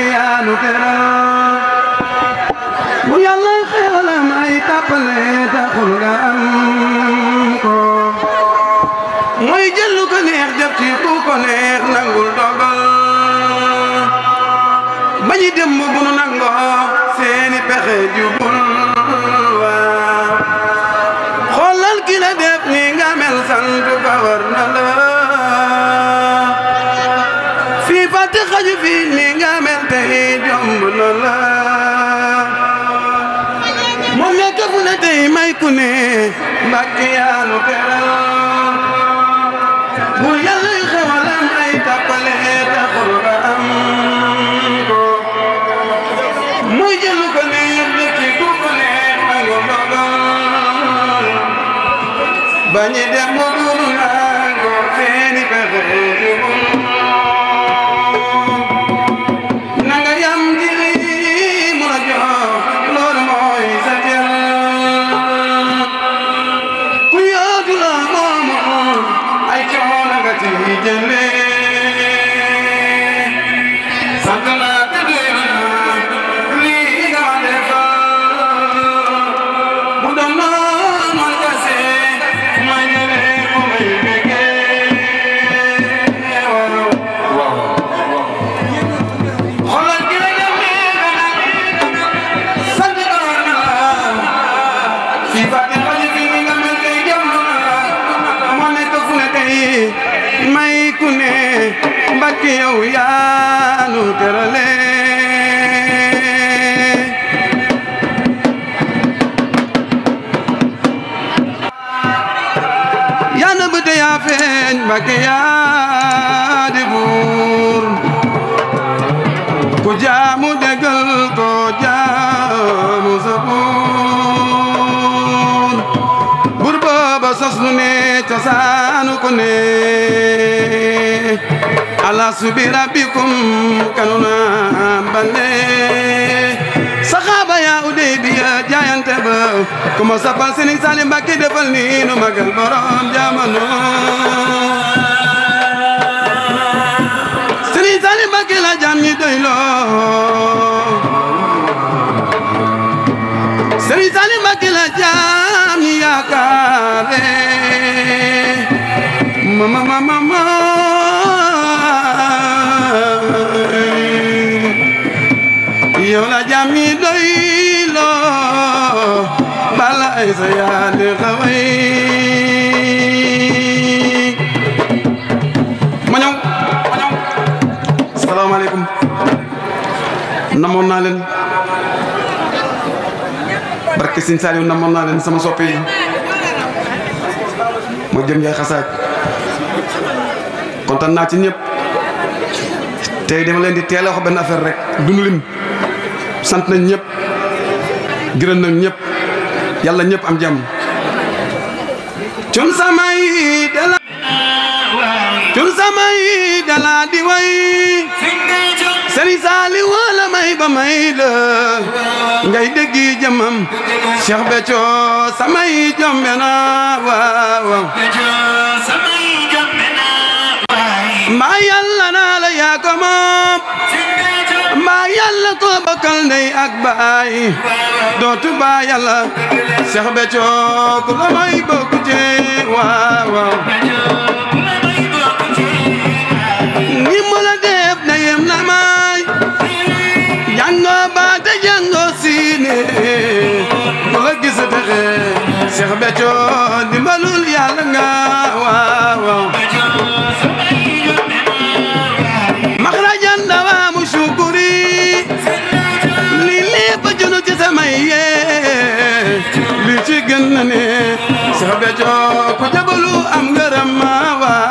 yaa nu teral bu yàlla xeelam ay tàppale taxul nga am ko mooy jël lu ko neex def ci ku ko neex nangul dogal bañi dem bu nu nangoo seeni pexe jubul Mbàkke yaa nu teral bu Yàlla xewalam ay tàppale taxul ba am ko muy jël ko neex bi ci ku ko neex nangu ndogal bañi def Mbakke yaa di buur ku jaamu déggal ko jaamu sa buur buur sos nu ne cosaanu ko ne alastu bi rabbikum kanu na bande saxaaba yaa Udaybiya jaayante ba ku ma sapal Sëriñ Saaliw Mbakke defal ni nu magal borom jamono ki la jàmm ñi doyloo Serigne Saliou Mbacké la mama mama mama Yola la jàmm ñi doyloo bala ay sa de xaway namoon naa leen barke Sëñ Saaliw namoon sama soppe yi jëm yaay xasaaj kontaan ci dama di teel wax benn affaire rek dunu lim sant nañ ñëpp gërëm nañ ñëpp yàlla ñëpp am jàmm cun samay dala cun samay dala di way sëriñ saali wala may ba may la ngay déggi jëmam Cheikh Béthio samay jombe na waaw mbaa yàlla naa la yaa ko moom mbaa yàlla ko bokkal ndey ak baay dootu baa yàlla Cheikh Béthio ku la may bokk ci waaw ku jëbalu am ngërëm ma waa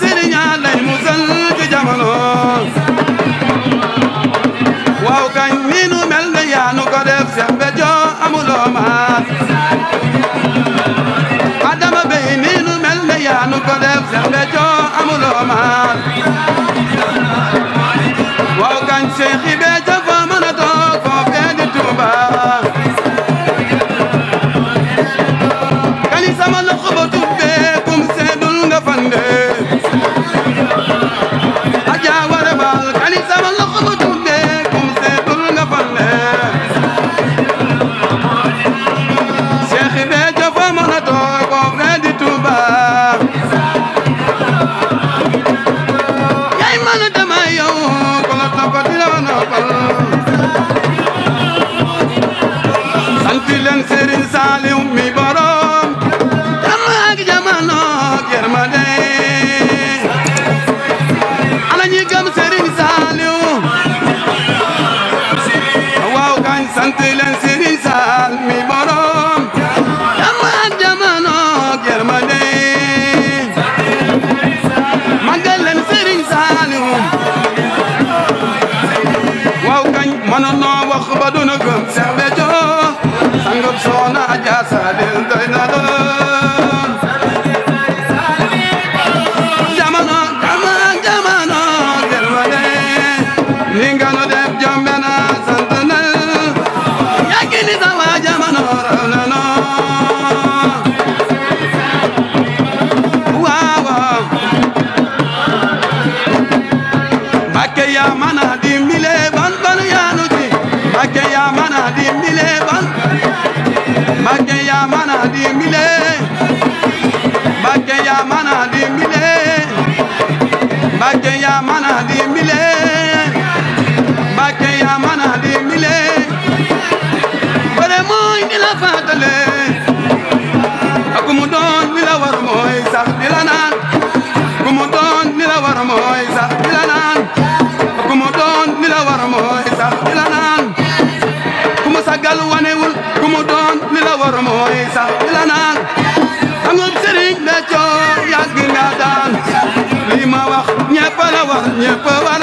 sëriñ a lay waaw kañ wii mel na yaa nu ko def waaw kañ seexi be man dama yow ku la topp Mbacké yaa mën a dimbale Mbacké yaa mën a dimbale Mbacké yaa mën a dimbale Mbacké yaa mën a dimbale bare mooy di la fàttale akumu doon mi la war mooy sax di la naan akumu doon mi la war mooy sax di la naan akumu doon mi la war mooy sax di la naan kumu sagal wane ku mu doon li la war mooy sax li la naan xam nga sëriñ Béthio yàgg nga daan li ma wax ñëpp la war ñëpp war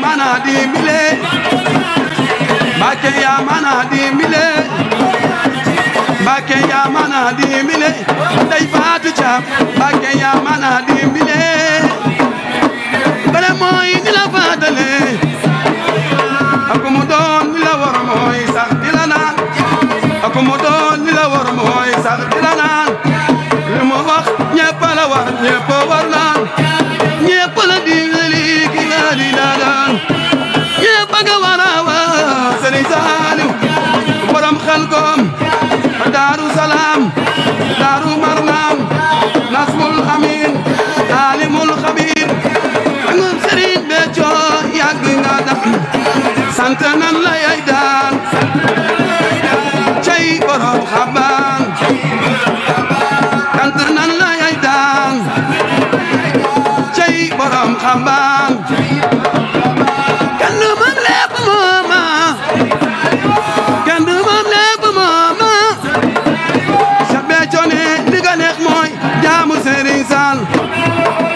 mana dimbile Mbacké yaa mana dimbile Mbacké yaa mana dimbile Ndey Fatou Thiam Mbacké yaa mana dimbile bala mooy ni la faatale ak mu doon ni la war mooy sax di la naan ak doon ni la war mooy sax di la naan li mu wax ñëpp la war ñëpp war marnaan daaru marnaan nasmul amin alimul xabir angu sëriñ Béthio yàgg nga daf sant nan la yay cay borom xabaan sant nan la yay cay borom xabaan Serigne Sall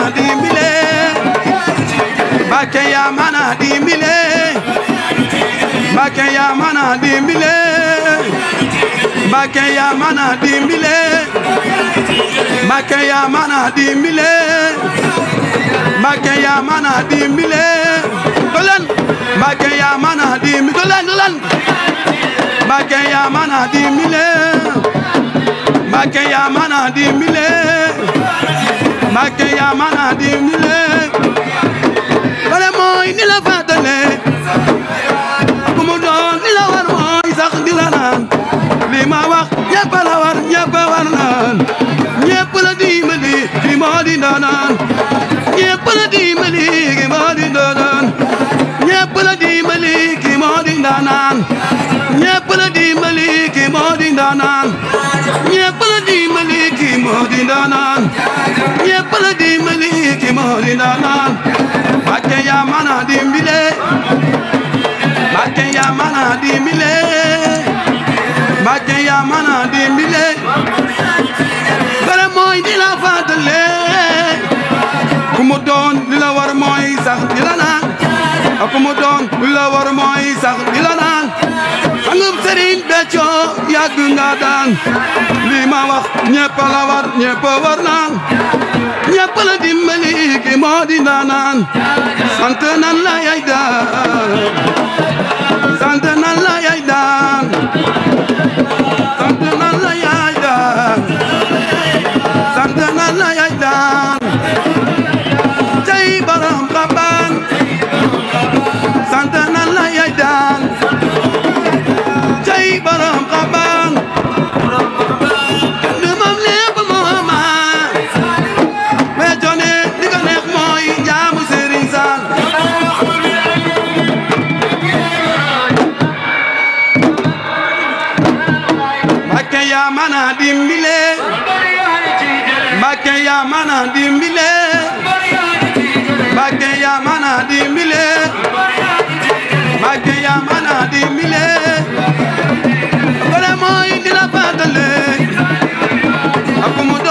mana dimbile Bakke ya mana dimbile Bakke ya mana dimbile Bakke ya mana dimbile Bakke ya mana dimbile Bakke ya mana dimbile Dolan Bakke ya mana dimbile Dolan dolan Bakke ya mana dimbile Bakke ya mana dimbile Mbàkke yaa ma diw ni le bale ni la fàttale bu mu doon ni la war mooy sax di la naan li ma wax ñëpp la war ñëpp war naan ñëpp la dimbali ki moo di ndaanaan ñëpp la dimbali ki moo di ndaanaan ñëpp la dimbali ki moo di ndaanaan ñëpp la dimbali ki moo di ndaanaan ñëpp ki moo di ndaanaan li la ma Mbacké yaa mën a dimbale Mbacké yaa mën a dimbale Mbacké yaa mën a dimbale bare mooy di la fàttale ku mu doon li war mooy sax di la naan ku mu doon li war mooy sax di la naan sangub sëriñ Béthio yàgg nga daan ma wax ñëpp la war ñëpp war naan ñëpp la dimbali moo di ndaanaan sant nan la yay Mbàkke yaa mën a dimbale Mbàkke yaa mën a dimbale Mbàkke yaa mën a dimbale vraiment indi la fàttali ak mu